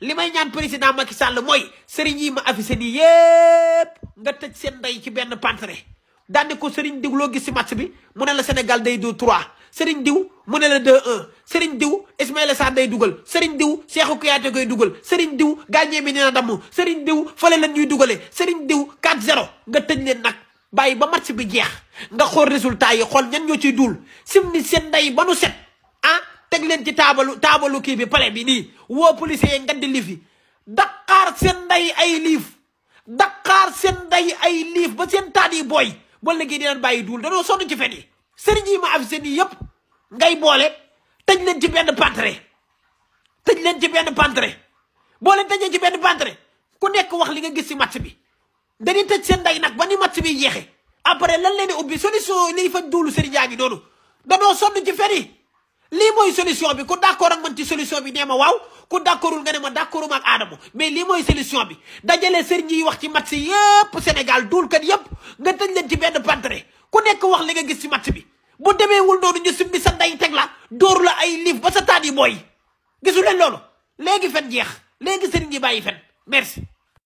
li may ñaan président Macky Sall mooy sëriñ yi ma affiché nii yépp nga tëj seen ndey ci benn pantre daanne ko sëriñ diw loo gis si match bi mu ne la Sénégal day do 3 sëriñ diw mu ne la 2-1 sëriñ diw Ismaïla Sarr day dugal sëriñ diw Cheikhou Kouyaté koy dugal sëriñ diw gaañee bi nee na damm sëriñ diw fële la ñuy dugalee sëriñ diw 4-0 nga tëj leen nag bàyyi ba match bi jeex nga xool résultat yi xool ñan ñoo ciy duul sim ni seen ndey ba nu set len ci tabalu tabalu ki bi pale bi ni wo police yi ngeen livi Dakar sen day ay liv Dakar sen day ay liv ba seen boy yi booy ba léegi dinañ bàyyi duul danoo sonu ci fedi serigne ma avisé sen yep ngay bolé tej len ci ben pantre tej len ci ben pantre bolé tej ci ben pantré ku nek wax li nga gis si match bi dañuy tej sen day nak ba ni match bi jeexe après lan leen di ubbi solution li fa duulu sëriñ yaa ngi doonu danoo sonu ci fedi lii mooy solution bi ku d'accord ak man ci solution bi nee ma waaw ku d'accordul nga ne ma d'accorduma ak Adamo mais lii mooy solution bi dajale sëriñ yi wax ci match yépp Sénégal duul kat yépp nga tëj leen ci benn pantere ku nekk wax li nga gis ci match bi bu demeewul noonu ñu simbi sa nday teg la dóor la ay liif ba sa taat yi booy gisu leen loolu léegi fen jeex léegi sëriñ yi bàyyi fen merci